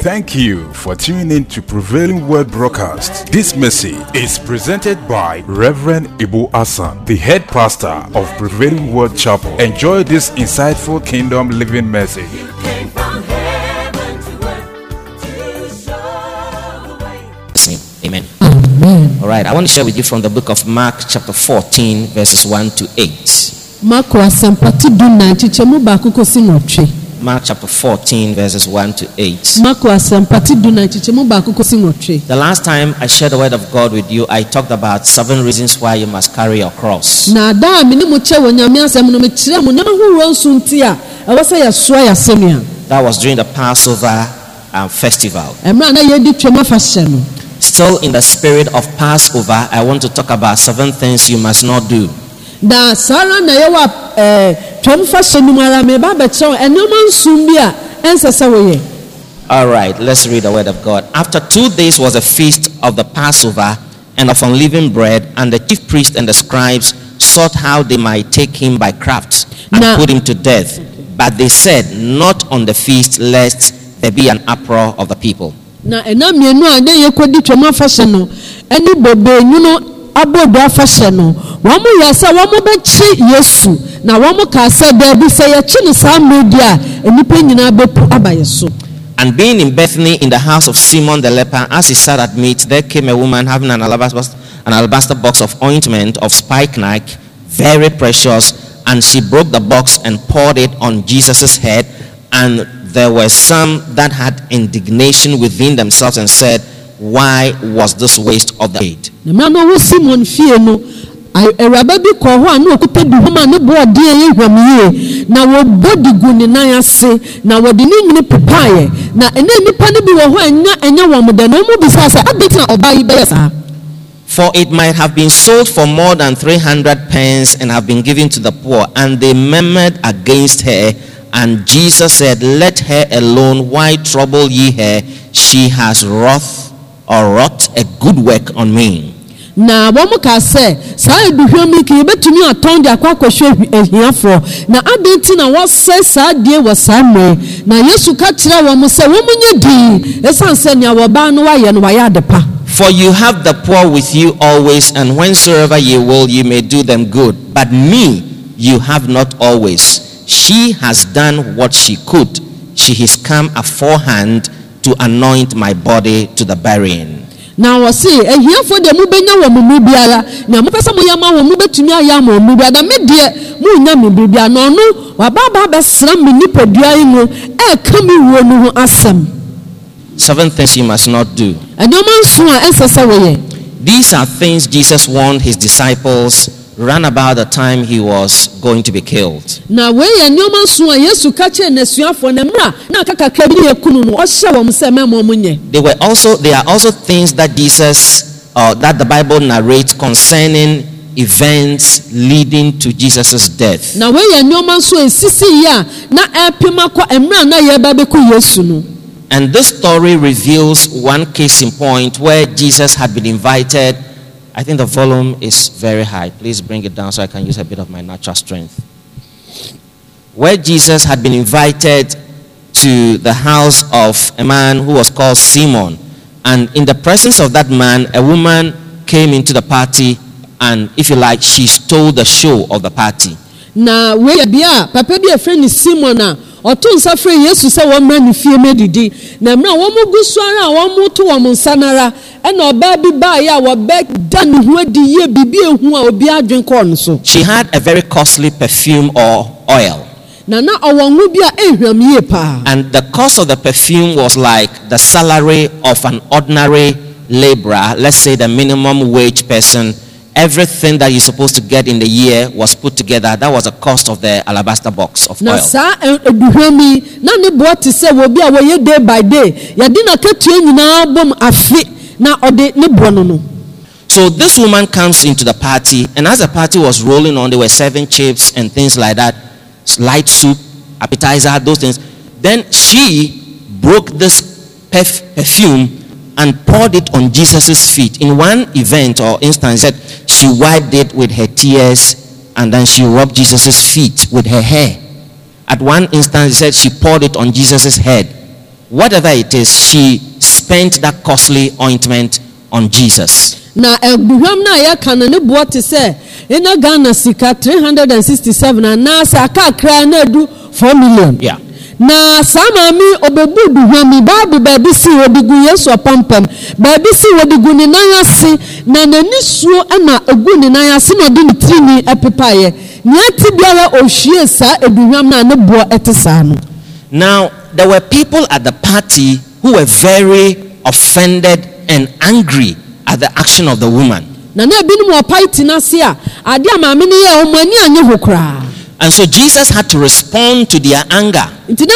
Thank you for tuning in to Prevailing Word Broadcast. This message is presented by Reverend Ibu Asan, the head pastor of Prevailing Word Chapel. Enjoy this insightful kingdom living message. Amen. Amen. All right, I want to share with you from the book of Mark, chapter 14, verses 1 to 8. Mark chapter 14, verses 1 to 8. Um, the last time I shared the word of God with you, I talked about seven reasons why you must carry your cross. That was during the Passover um, festival. Still in the spirit of Passover, I want to talk about seven things you must not do ara meba bi a ɛnsɛ sɛ woyɛ All right, let's read the word of God. After two days was a feast of the Passover and of unleavened bread, and the chief priests and the scribes sought how they might take him by craft and now, put him to death. But they said, Not on the feast, lest there be an uproar of the people. na ɛna mmienu afahyɛ no ɛne bobe nwunu abodo wɔn yesu na wɔn ka sɛ beebi sɛ yɛkyi no saa di a nyinaa bɛpu aba yɛ so. And being in Bethany in the house of Simon the leper, as he sat at meat, there came a woman having an alabaster, an alabaster box of ointment of spikenard, very precious, and she broke the box and poured it on Jesus' head. And there were some that had indignation within themselves and said, Why was this waste of the aid? awuraba bi kɔ hɔ a okuta ne bo ɔdeɛ yɛ na wɔbɔ gu ne nan ase na wɔde ne nyini pepaeɛ na nipa bi wɔ hɔ ɛnya ɛnya wɔn sɛ ɔbaa yi bɛyɛ saa. For it might have been sold for more than 300 pence and have been given to the poor. And they murmured against her. And Jesus said, Let her alone. Why trouble ye her? She has wrought or wrought a good work on me na wɔn ka sɛ saa eduhwam yi kii ebetumi atɔn de akɔ akɔhwɛ ehiafoɔ na adan ti na wɔsɛ saa die wɔ saa mmerɛ na yesu ka kyerɛ wɔn sɛ wɔn nyɛ dii esan sɛ nea wɔbaa no wayɛ no wayɛ adepa. For you have the poor with you always, and whensoever you will, you may do them good. But me you have not always. She has done what she could. She has come aforehand to anoint my body to the burying na wɔsi ehiafo deɛ mo bɛnya wɔn mu biara nea mo pɛsɛ mo yɛ ma wɔn mo bɛtumi ayɛ ama wɔn mu biara na me deɛ mo nya mi biribiara na ɔno wabaaba abɛsra mi yi mu ɛɛka mi wuo no ho asɛm. seven things you must not do. a ɛsɛ sɛ wɔyɛ. these are things Jesus warned his disciples ran about the time he was going to be killed. Na weye kaka wo They were also there are also things that Jesus uh, that the Bible narrates concerning events leading to Jesus' death. Na weye esisi na ye ba be ku Yesu And this story reveals one case in point where Jesus had been invited I think the volume is very high. Please bring it down so I can use a bit of my natural strength. Where Jesus had been invited to the house of a man who was called Simon. And in the presence of that man, a woman came into the party, and if you like, she stole the show of the party. Now, where bia papa bi efrɛ ne Simon now ɔto nsa frɛ yesu sɛ wɔmmra ne fie mɛdidi na mmerɛ a wɔmogu so ara a wɔmoto wɔn nsa no ara ɛna ɔbaa bi baeɛ a wɔbɛ da ne ho adi yie biribi ehu a obi adwen kɔɔ no so. she had a very costly perfume or oil. na na ɔwɔ ngo bi a ehwɛm yie paa. and the cost of the perfume was like the salary of an ordinary labourer let's say the minimum wage person everything that you're supposed to get in the year was put together. That was the cost of the alabaster box of oil. Eh, so this woman comes into the party, and as the party was rolling on, there were seven chips and things like that, light soup, appetizer, those things. Then she broke this perf- perfume and poured it on Jesus' feet. In one event or instance, said she wiped it with her tears and then she rubbed Jesus' feet with her hair. At one instance, it said she poured it on Jesus' head. Whatever it is, she spent that costly ointment on Jesus. na ebuham na ya ka na ne boɔ te sɛ ɛna ghana sika 367 anaasɛ akakra na du 4 million. Yeah na saa maame obebu duhwami baabu baabi si wɔde gu yesu apampam baabi si wɔde gu ne nan ase na n'ani suo na egu ne nan ase na ɔde ne tirinwi pepaeɛ nea ate biara ohwie saa eduhwam na ne boɔ saa no. now there were people at the party who were very offended and angry at the action of the woman. na na ebinom ɔpae tena ase a adeɛ a maame no yɛ wɔn ani anye ho and so Jesus had to respond to their anger. The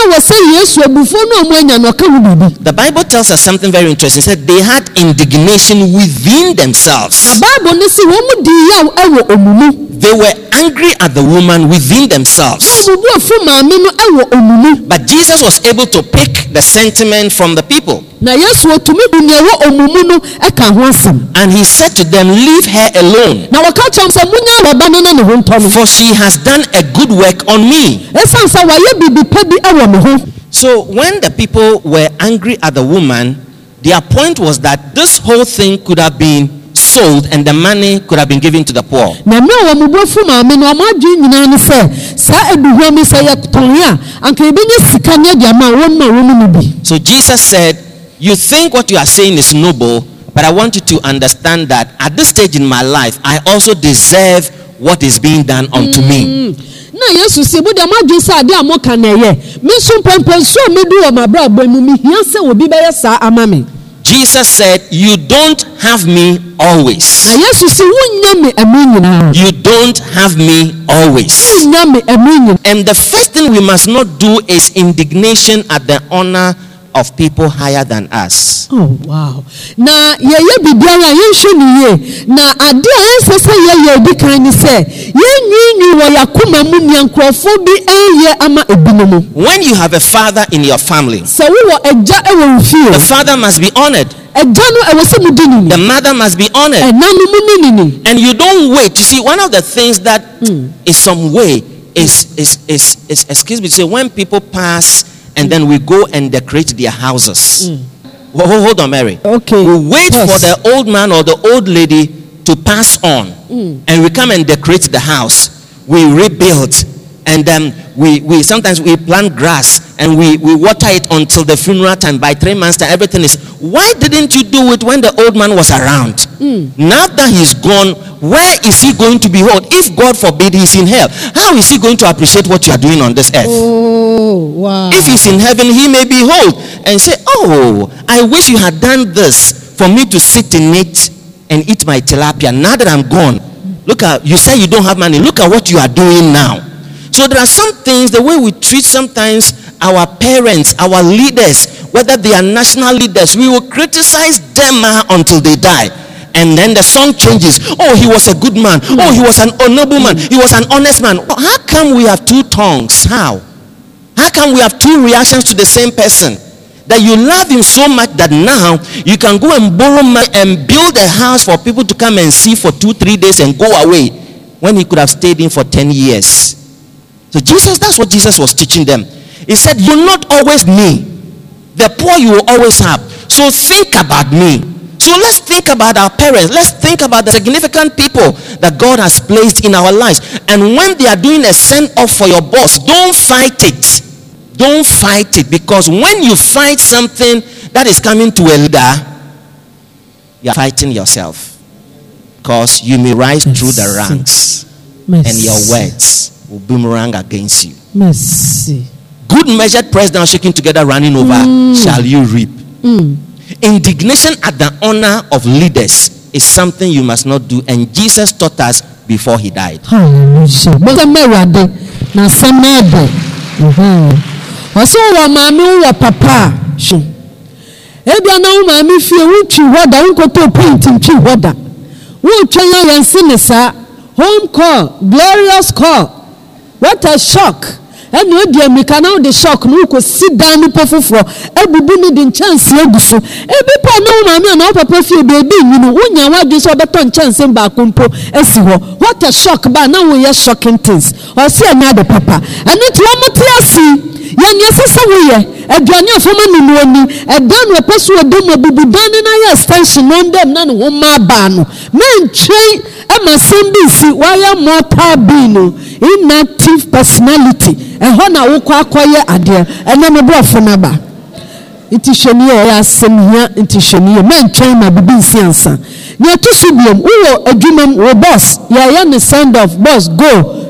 Bible tells us something very interesting. It said they had indignation within themselves. They were angry at the woman within themselves. But Jesus was able to pick the sentiment from the people. And he said to them, Leave her alone. For she has done a good work on me. So when the people were angry at the woman, their point was that this whole thing could have been sold and the money could have been given to the poor. So Jesus said, You think what you are saying is noble, but I want you to understand that at this stage in my life, I also deserve what is being done unto me. Mm. na yesu si de ma ma mu mi obi ama mi. Jesus said, You don't have me always. You don't have me always. And the first thing we must not do is indignation at the honor of people higher than us. Oh wow. Na yeye bibiara yenhwe ye. na ade a nsese ye obi kan ni se Ye yenyinyi wo yakoma mu nyankrofo bi eye ama ebinomo. When you have a father in your family. Se wo eja e ewo nfi. The father must be honored. The mother must be honored. And you don't wait. You see, one of the things that mm. in some way is, is, is, is excuse me to say, when people pass and then we go and decorate their houses. Mm. Well, hold on, Mary. Okay. We wait Pause. for the old man or the old lady to pass on, mm. and we come and decorate the house. We rebuild, and then we, we sometimes we plant grass and we, we water it until the funeral time. By three months' time, everything is. Why didn't you do it when the old man was around? Mm. Now that he's gone, where is he going to behold? If God forbid he's in hell, how is he going to appreciate what you are doing on this earth? Oh, wow. If he's in heaven, he may behold and say, Oh, I wish you had done this for me to sit in it and eat my tilapia. Now that I'm gone, look at you say you don't have money. Look at what you are doing now. So there are some things the way we treat sometimes our parents, our leaders, whether they are national leaders, we will criticize them ah, until they die. And then the song changes. Oh, he was a good man. Oh, he was an honorable man. He was an honest man. how come we have two tongues? How? How come we have two reactions to the same person? that you love him so much that now you can go and borrow money and build a house for people to come and see for two, three days and go away when he could have stayed in for 10 years. So, Jesus, that's what Jesus was teaching them. He said, You're not always me. The poor you will always have. So think about me. So let's think about our parents. Let's think about the significant people that God has placed in our lives. And when they are doing a send off for your boss, don't fight it. Don't fight it because when you fight something that is coming to a leader, you're fighting yourself because you may rise through the ranks and your words will boomerang against you. Mercy good measured pressed down shaking together running over mm. shall you reap mm. indignation at the honor of leaders is something you must not do and jesus taught us before he died mm-hmm. home call glorious call what a shock ɛna odi mirika na ɔde shock na ɔkɔsi dan nipa foforɔ ebubu ne de nkyɛnse egu so ebi pɔ ne ho maame na ɔpapa fie beebi nyini wonya wadwi sɛ ɔbɛtɔ nkyɛnse baako mpo esi hɔ what a shock ba na wɔyɛ shocking things ɔsi ɛnya ade papa ɛno nti wɔn ti asi yɛn nyɛ sisa wɔyɛ aduane a fɔm anim wɔn ni ɛdan na ɛpɛ so ɔdam abubu dan ne nan yɛ extension na ɔndam na ne ho maa baa no mɛntwɛn ɛma sɛm bi si wɔayɛ mortal being no inactive personality ɛhɔ na wokɔ akɔyɛ adeɛ ɛnɛ me borɔfo no ba nti hyɛ ne yɛ asɛm hia nti hyɛ ne yɛ mankyɛn na bibi nsi ansa nea so biom wowɔ adwuma mu wɔ bɔs yɛayɛ ne send off bɔs go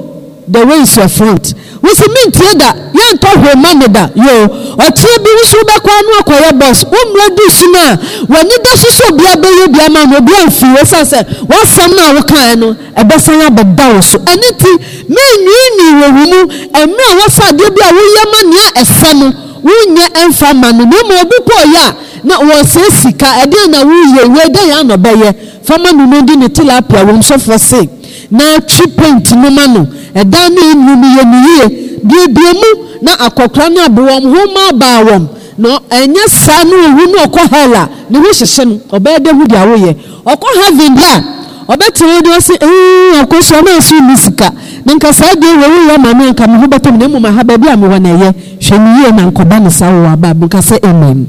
the way is your front wosi mi ntie da yantɔ hwee ma ne da yoo ɔteɛ bi wosi wobɛkɔ anu akɔyɛ bɔs wommerɛ du sum a wɔni da soso bia bɛyɛ bia ma no obi amfi wosan sɛ wɔsɛm no a wokaeɛ no ɛbɛsan abɛda wo so ɛne ti menwiinwii wɔ wo mu ɛmmerɛ a wɔfa adeɛ bi a woyɛ ma nea ɛsɛ no wonyɛ ɛmfa ma no na mmom obi kɔɔ yɛ a na wɔsɛ sika ɛdeɛ na woyɛ wei dɛ yɛ anɔbɛyɛ fama no no di ne tilapia wɔn sɔfoɔ se na twi paint no ma no ɛdan no enu no yɛ no biebie mu na akɔkora no abo wɔn ho ma baa wɔn na ɛnyɛ saa no owu no ɔkɔ hell a ne ho hyehyɛ no ɔbɛyɛ dɛ hu deɛ awoyɛ ɔkɔ heaven deɛ a ɔbɛtiri de ɔsi ɛɛɛ ɔkɔ so ɔno nso ne sika ne nka saa deɛ wɔwu yɛ ma me nka me ho bɛtɔ mu na emu ma ha baabi a me wɔ na ɛyɛ hwɛ ne na nkɔba ne saa wɔ aba nka sɛ amen.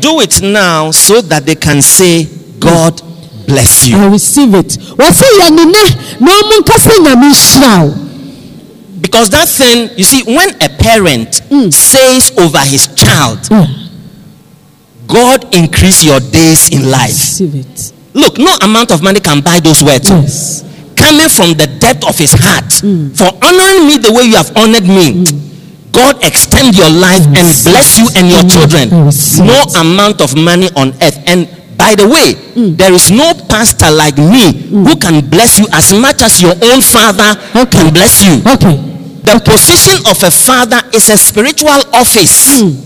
Do it now so that they can say, God bless you. I receive it. Because that thing, you see, when a parent mm. says over his child, mm. God increase your days in life. Receive it. Look, no amount of money can buy those words. Yes. Coming from the depth of his heart mm. for honoring me the way you have honored me. Hmm. God extend your life and bless you and your children. No amount of money on earth. And by the way, mm. there is no pastor like me mm. who can bless you as much as your own father okay. can bless you. Okay. The okay. position of a father is a spiritual office. Mm.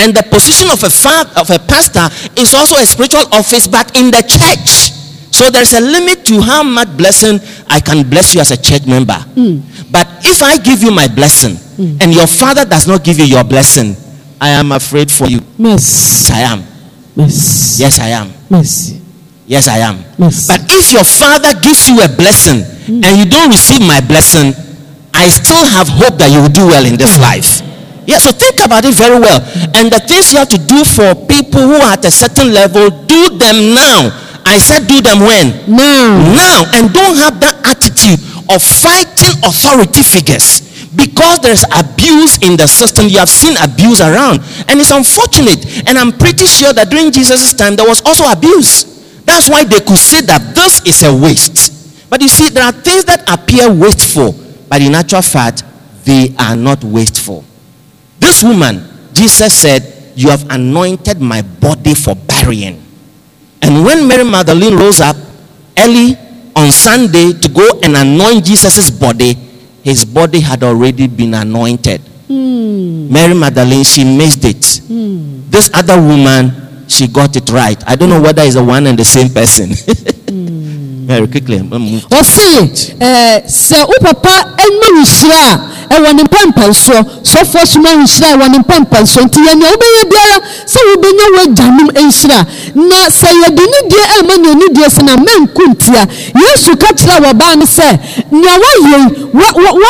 And the position of a father, of a pastor is also a spiritual office, but in the church. So there's a limit to how much blessing I can bless you as a church member. Mm. But if I give you my blessing mm. and your father does not give you your blessing, I am afraid for you. Yes, I am. Yes, yes, I am. Yes, Yes, I am. Yes. But if your father gives you a blessing mm. and you don't receive my blessing, I still have hope that you will do well in this hmm. life. Yeah, so think about it very well. And the things you have to do for people who are at a certain level, do them now I said do them when? Now. Now. And don't have that attitude of fighting authority figures because there's abuse in the system you have seen abuse around and it's unfortunate and i'm pretty sure that during jesus' time there was also abuse that's why they could say that this is a waste but you see there are things that appear wasteful but in actual fact they are not wasteful this woman jesus said you have anointed my body for burying and when Mary Magdalene rose up early on Sunday to go and anoint Jesus' body, his body had already been anointed. Mm. Mary Magdalene, she missed it. Mm. This other woman, she got it right. I don't know whether it's the one and the same person. very quickly and move. ɔsi ɛɛ sɛ o papa ɛnu nhyira a ɛwɔ ne mpampan soɔ so na yesu wa wa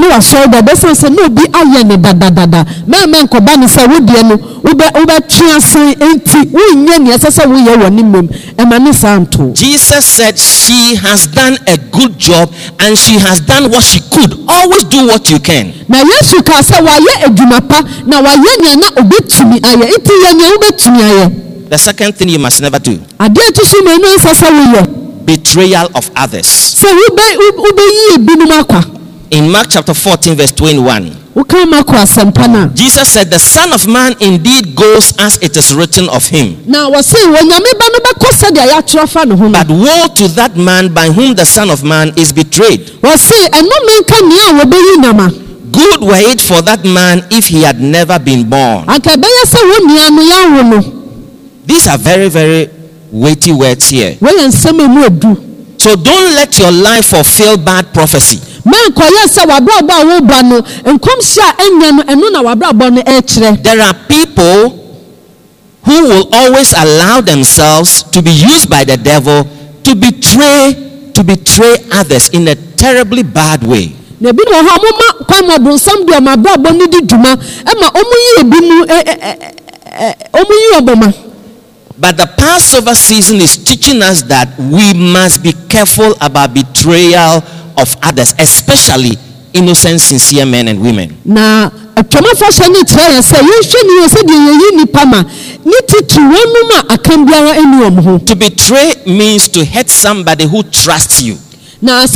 yesu ewu wo dada sɛ sɛ na obi ayɛ dadadada mɛɛmɛ nkɔba ne sɛ wo deɛ no wobɛ wobɛtwe ase nti wonyɛ nea ɛsɛ sɛ woyɛ wɔ ne mmom ɛma ne saa nto. jesus said she has done a good job and she has done what she could always do what you can. na yesu kaa sɛ wayɛ adwuma pa na wayɛ nea na obetumi ayɛ nti yɛ nea wobɛtumi ayɛ. the second thing you must never do. adeɛ to so mmienu nsɛ sɛ woyɛ. betrayal of others. sɛ wobɛ wobɛyi ebinom akwa in Mark chapter 14, verse 21. Jesus said, The Son of Man indeed goes as it is written of him. But woe to that man by whom the Son of Man is betrayed. Good were it for that man if he had never been born. These are very, very weighty words here. So don't let your life fulfill bad prophecy. There are people who will always allow themselves to be used by the devil to betray to betray others in a terribly bad way. But the Passover season is teaching us that we must be careful about betrayal of others, especially innocent, sincere men and women. Now, To betray means to hurt somebody who trusts you. Na a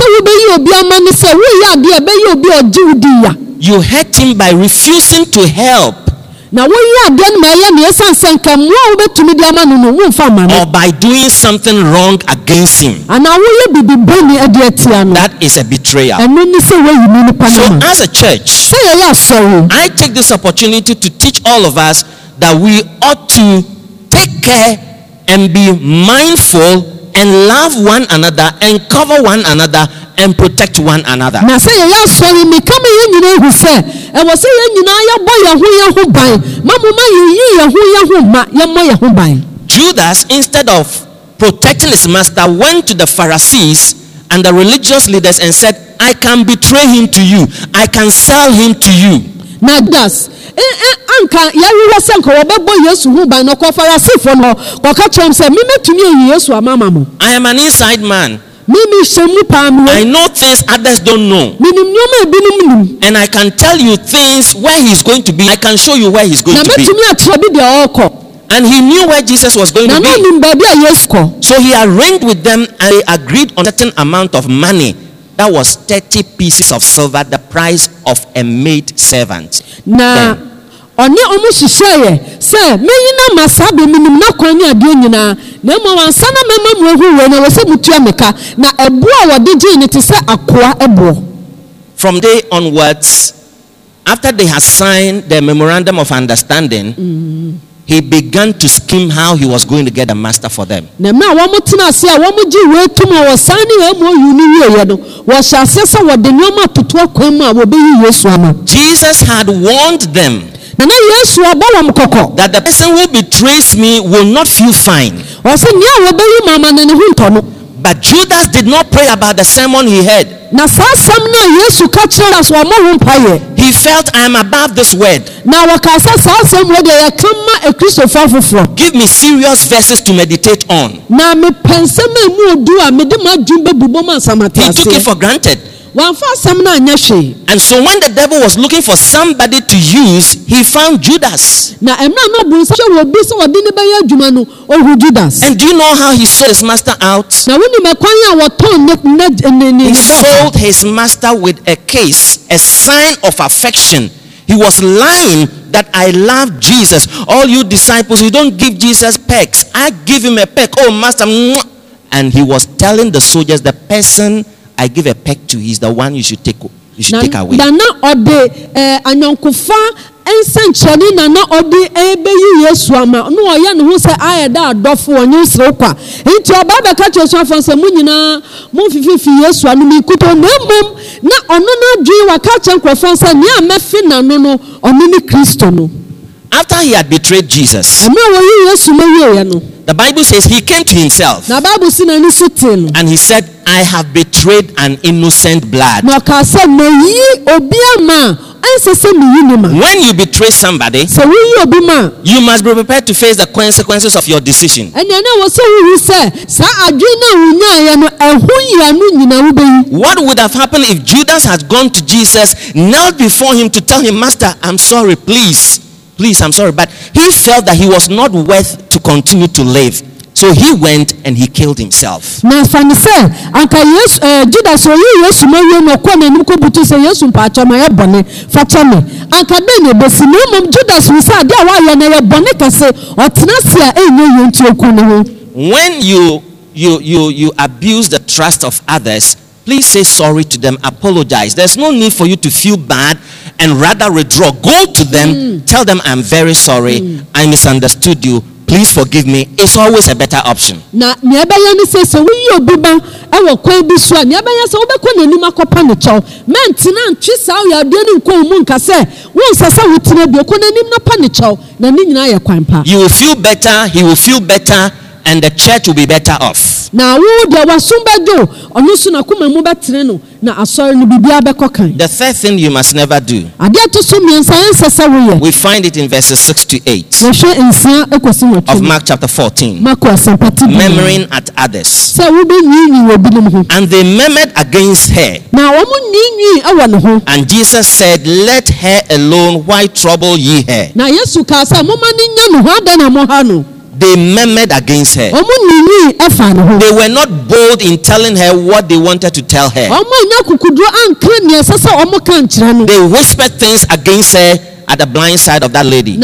You hurt him by refusing to help na wọ́n yí adeɛ ni ma ɛyɛ ni ɛsan sɛ nka mu a wobɛtumi di ama nunu mu nfa ma no. or by doing something wrong against him. àná wọ́n yẹ bìbí bẹ́ẹ̀ni ẹ̀dí ẹ̀tì àná. that is a betrayal. ẹnu ní sẹ wọ́n yìí ní nípa náà. so as a church. sẹ́yẹ̀ yà sọ̀rọ̀. I take this opportunity to teach all of us that we ought to take care and be mindful and love one another and cover one another and protect one another. na sɛ yɛyɛ asɔre mi kama yɛn nyinaa ehu sɛ ɛwɔ sɛ yɛn nyinaa yɛbɔ yɛn ho yɛn ho ban mamoma yɛyi yɛn ho yɛn ho ma yɛmmɔ yɛn ho ban. judas instead of protecting his master went to the pharisees and the religious leaders and said i can betray him to you i can sell him to you na gas eh, eh, anka yɛrewɛ sɛ nka wɔbɛbɔ yesu ho ban no kɔfara sefoɔ no kɔka kyerɛ m sɛ memɛtumi ayi yesu amama mo i am an inside man mímí ṣe mú pa mi. I know things others don't know. Mi ni nneọma ebinom nim. And I can tell you things where he is going to be. I can show you where he is going to be. Na àtúrọ̀ bí di ọkọ̀. And he knew where Jesus was going to be. So he arranged with them and they agreed on a certain amount of money that was 30 pieces of silver, the price of a maid servant. Now, ɔne almost hyehyɛ yɛ sɛ mɛyi na ma saa bɛ na kwan ne adeɛ na mmom ansa na mɛma mu ehu wɔ na wɔsɛ mutua mika na ɛboɔ a wɔde gye ne te sɛ From day onwards, after they had signed the memorandum of understanding. Mm he began to scheme how he was going to get a master for them. Jesus had warned them that the person who betrays me will not feel fine. But Judas did not pray about the sermon he heard. He felt I am above this word. Give me serious verses to meditate on. He took it for granted. And so when the devil was looking for somebody to use, he found Judas. And do you know how he sold his master out? He sold his master with a kiss, a sign of affection. He was lying that I love Jesus. All you disciples who don't give Jesus pecks, I give him a peck. Oh, master. And he was telling the soldiers the person I give a peck to, he's the one you should take, you should na, take away. Na ɔde ɛɛ eh, anyankofa nsɛnkyerɛni na na ɔde ɛbɛyi yesu ama na ɔyɛ ne ho sɛ ayɛ dɛ adɔfo ɔnye nsiri kwa nti ɔbaa bɛka kyerɛ suafo sɛ mo nyinaa mo mfififi yesu anum ikuto na mmom na ɔno na adwi waka kyerɛ nkurɔfoɔ sɛ nea mɛfi n'ano no ɔno ne kristo no. after he had betrayed Jesus, the Bible says he came to himself and he said, I have betrayed an innocent blood. When you betray somebody, you must be prepared to face the consequences of your decision. What would have happened if Judas had gone to Jesus, knelt before him to tell him, Master, I'm sorry, please, please, I'm sorry, but he felt that he was not worth to continue to live. So he went and he killed himself. When you you you you abuse the trust of others please say sorry to them apologize there's no need for you to feel bad and rather withdraw go to them mm. tell them i'm very sorry mm. i misunderstood you please forgive me is always a better option. na nea ɛbɛyɛ ne se sɛ woyi obi ba ɛwɔ kwan bi so a nea ɛbɛyɛ sɛ wobɛkɔ n'anim akɔpa ne kyɛw mɛntena ntwe saa ɔyadeɛ ne nkɔn mu nka sɛ wonsɛ na pa ne pa. you will feel better he will feel better and the church will be better off na deɛ ɔno na kuma mu no na asɔre no kan. the third thing you must never do. adeɛ to so mmiɛnsa yɛn we find it in verses six to eight. wɔhwɛ nsia ekosi of mark chapter fourteen. mark asɛmpati bi. murmuring at others. sɛ nwiinwii wɔ binom ho. and they murmured against her. na wɔn nwiinwii ɛwɔ ne ho. and jesus said let her alone why trouble ye her. na yesu kaa sɛ mo ma ne nya ne ho adan na mo ha no they murmured against her. They were not bold in telling her what they wanted to tell her. They whispered things against her at the blind side of that lady.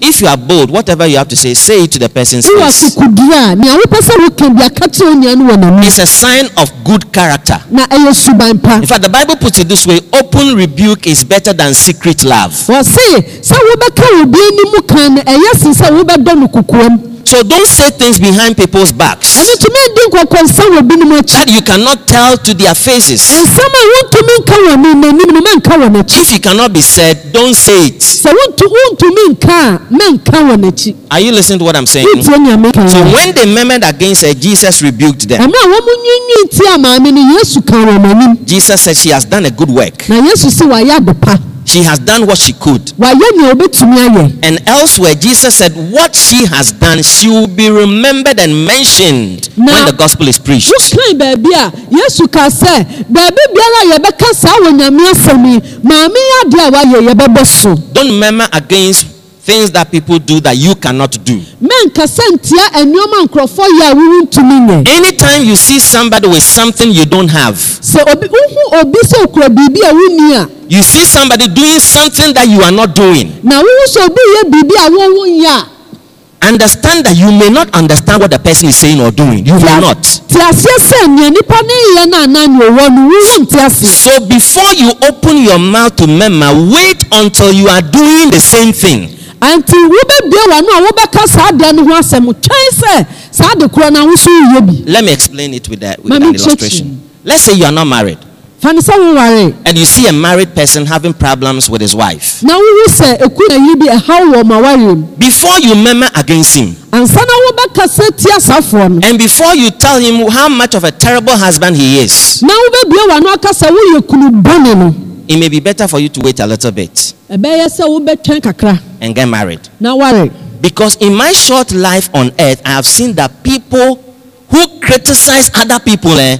If you are bold, whatever you have to say, say it to the person's face. It's a sign of good character. In fact, the Bible puts it this way open rebuke is better than secret love. So don't say things behind people's backs. That you cannot tell to their faces. If it cannot be said, don't say it. Are you listening to what I'm saying? So when they murmured against her, Jesus rebuked them. Jesus said she has done a good work she has done what she could. And elsewhere, Jesus said, What she has done, she will be remembered and mentioned now, when the gospel is preached. Ah, Don't murmur against things that people do that you cannot do. Anytime you see somebody with something you don't have, you see somebody doing something that you are not doing. Understand that you may not understand what the person is saying or doing. You will not. So before you open your mouth to murmur, wait until you are doing the same thing let me explain it with, that, with an illustration let's say you are not married. and you see a married person having problems with his wife. Now we say, before you murmur against him. tia and before you tell him how much of a terrible husband he is. na wobɛbie it may be better for you to wait a little bit and get married. Now worry. Because in my short life on earth, I have seen that people who criticize other people, eh,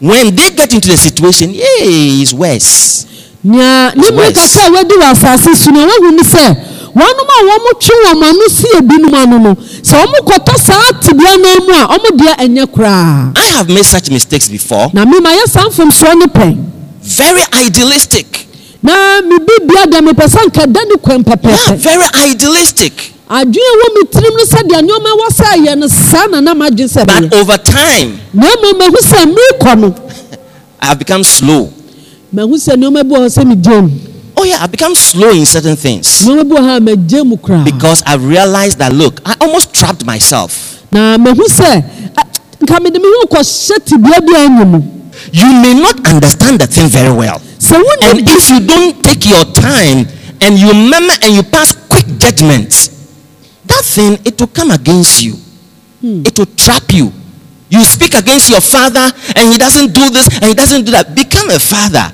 when they get into the situation, yeah, it's worse. Yeah, it's worse. wɔnom a wɔn twe wɔn ano si ebinom ano no sɛ wɔn kɔtɔ saa tibia na mu a wɔn deɛ ɛnyɛ koraa. i have made such mistakes before. na mi ma yɛ sanfom soɔ ne pɛn very idealistic. na mi bi bia da mi pɛ sɛ nkɛda ni kwan pɛpɛpɛ. very idealistic. adwene wɔ mi tirim no sɛ deɛ nneɛma wɔ sɛ ɛyɛ no saa na nam agye sɛ but over time. na mo ma hu se mi kɔ no. i have become slow. ma hu se nneɛma bi wɔ hɔ mi gye Oh yeah, i become slow in certain things. Because i realized that look, I almost trapped myself. hu hu se you may not understand the thing very well. So when and if you don't take your time and you remember and you pass quick judgments, that thing it will come against you. Hmm. It will trap you. You speak against your father and he doesn't do this and he doesn't do that. Become a father.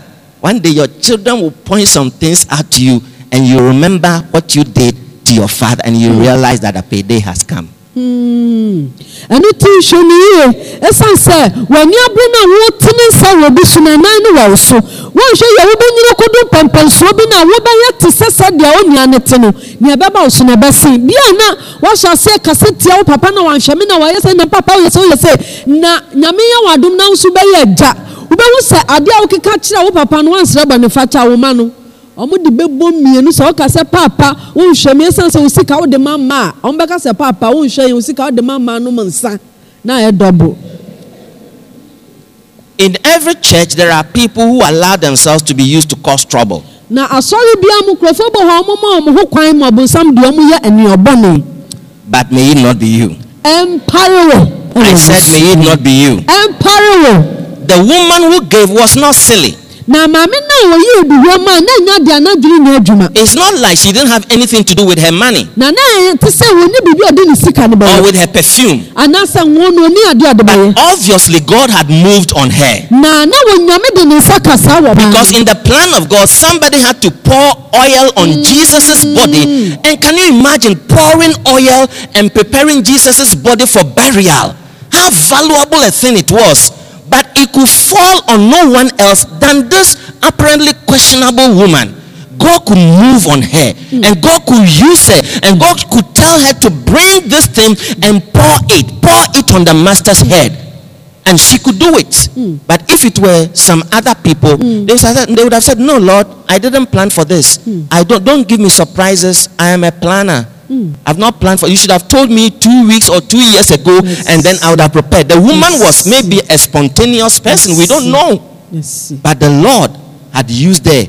One day your children will point some things out to you and you remember what you did to your father and you realize that a payday has come. ɛno hmm. ti nhwɛ ne yie ɛsiane sɛ w'ani abere no a wotene nsa wɔ bi so na nan no wɔ so wɔnhwɛ yɛ wobɛnyini kodo mpɛmpɛnsoɔ bi no a wobɛyɛ te sɛ sɛdeɛ wo nua no te no nea ɛbɛba wo so na ɛbɛsen bia na wahyɛ aseɛ kase tia wo papa na wanhwɛ me na wayɛ sɛ na papa woyɛ sɛ woyɛ sɛ na nyame yɛ wɔ adom na nso bɛyɛ agya wobɛhu sɛ adeɛ a wokeka kyerɛ wo papa no wansrɛ bɔnefakyɛ a wo ma no wɔn de bɛbɔ mmienu sɛ ɔka sɛ paapa wɔnhwɛ mu esan sɛ wosi ka ɔde ma ma a bɛka sɛ paapa wɔnhwɛ yɛn wosi ka ɔde ma ma nom nsa na ayɛ dɔbo. in every church there are people who allow themselves to be used to cause trouble. na asɔre bia mu kurɔfo bɔ hɔ ɔmo ma ɔmo ho kwan ma ɔbonsam deɛ ɔmo yɛ ɛniɔbɔne. but may it not be you. ɛmpariwo. I said may it not be you. ɛmpariwo. the woman who gave was not silly. na maame náà wòye eduhua mu a náà nya di anadiri na adwuma. it's not like she didn't have anything to do with her money. na náà ti sẹ́ wọ́n ní bíbí ọdún ní sika ni bẹ́ẹ̀. or with her perfume. anasa wọn ò ní adé àdìbò yẹn. but obviously God had moved on her. na náà wọ́n nyàmé di ní nsa kasa wọ̀ báyìí. because in the plan of God somebody had to pour oil on mm. Jesus' body and can you imagine pouring oil and preparing Jesus' body for burial how valuable a thing it was but it could fall on no one else than this apparently questionable woman. God could move on her mm. and God could use her and God could tell her to bring this thing and pour it, pour it on the master's head. And she could do it. Mm. But if it were some other people, mm. they, would have, they, would have said, No, Lord, I didn't plan for this. Hmm. I don't, don't give me surprises. I am a planner. Mm. I've not planned for you should have told me two weeks or two years ago yes. and then I would have prepared. The woman yes. was maybe a spontaneous person. Yes. We don't know. But the Lord had used her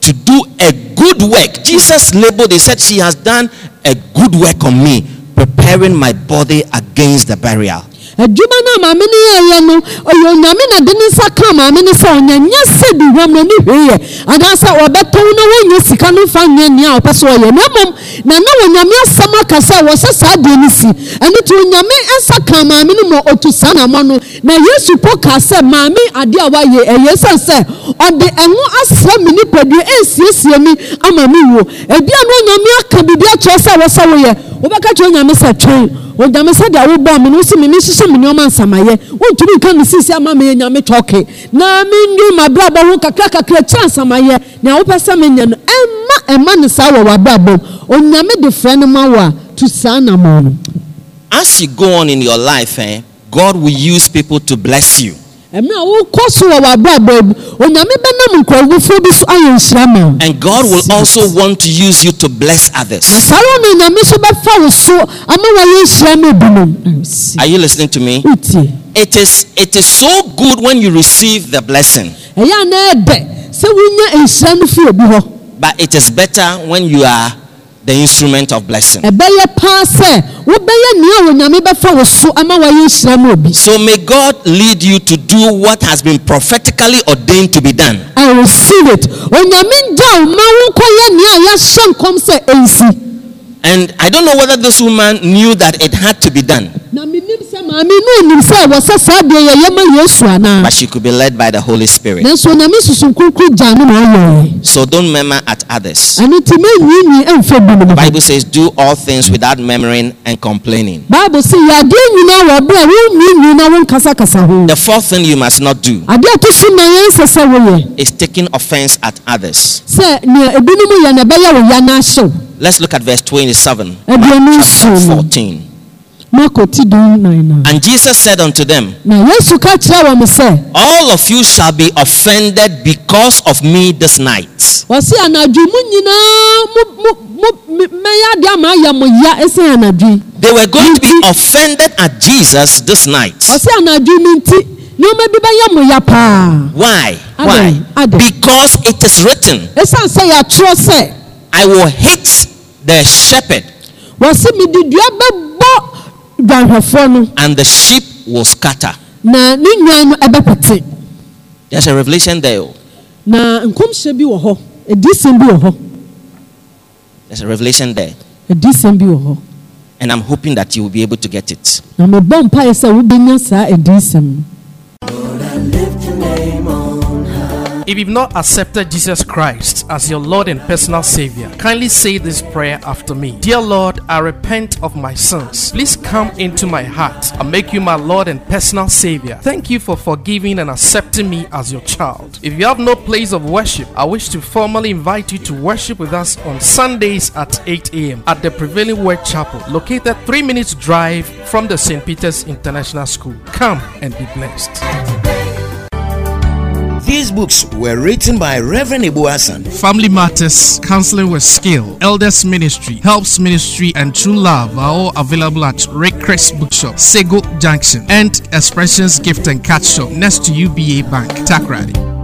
to do a good work. Jesus labeled, he said, She has done a good work on me, preparing my body against the burial. adwuma no a maame no yɛyɛ no ɔyɛ onyame na de ne nsa ka maame no sɛ ɔnyanya sɛ di wam no ne hwee yɛ anaasɛ wɔbɛtɔn na wɔnyɛ sika no mfa nyɛ nea ɔpɛ sɛ ɔyɛ na mmom na na onyame asɛm aka sɛ wɔsɛ saa deɛ no si ɛno nti onyame nsa ka maame no ma ɔtu saa namɔ no na yesu po ka sɛ maame adeɛ a wayɛ ɛyɛ sɛn sɛ ɔde ɛho asra me nipadua ɛnsiesie mi ama me wuo ebi a na onyame aka biribi akyerɛ sɛ wɔsɛ woyɛ wobɛka kyerɛ onyame sɛ twɛn onyame sɛdeɛ wobɔ me no wosi meme hyehyɛ me nneɔma nsamayɛ wontumi nka me sisi ama meyɛ nyame tɔke na mendwe mabrabɔ ho kakrakakra kyerɛ nsamayɛ nea wopɛ sɛ menyɛ no ɛma ɛma ne saa wɔ wabrabɔ onyame de frɛ no ma wo a to na ma no as you go on in your life eh, god will use people to bless you and god will also want to use you to bless others are you listening to me it is it is so good when you receive the blessing but it is better when you are the instrument of blessing. So may God lead you to do what has been prophetically ordained to be done. I receive it. And I don't know whether this woman knew that it had to be done. But she could be led by the Holy Spirit. So don't murmur at others. The Bible says, Do all things without murmuring and complaining. The fourth thing you must not do is taking offense at others. Let's look at verse 27. Chapter 14. And Jesus said unto them, All of you shall be offended because of me this night. They were going to be offended at Jesus this night. Why? Why? Because it is written. I will hit the shepherd. And the sheep will scatter. There's a revelation there. Oh. There's a revelation there. And I'm hoping that you will be able to get it. If you've not accepted Jesus Christ as your Lord and personal Savior, kindly say this prayer after me Dear Lord, I repent of my sins. Please come into my heart and make you my Lord and personal Savior. Thank you for forgiving and accepting me as your child. If you have no place of worship, I wish to formally invite you to worship with us on Sundays at 8 a.m. at the Prevailing Word Chapel, located three minutes drive from the St. Peter's International School. Come and be blessed. These books were written by Reverend Ibu Hassan. Family Matters, Counseling with Skill, Elders Ministry, Helps Ministry, and True Love are all available at Red Crest Bookshop, Sego Junction, and Expressions Gift and Catch Shop next to UBA Bank, Takrady.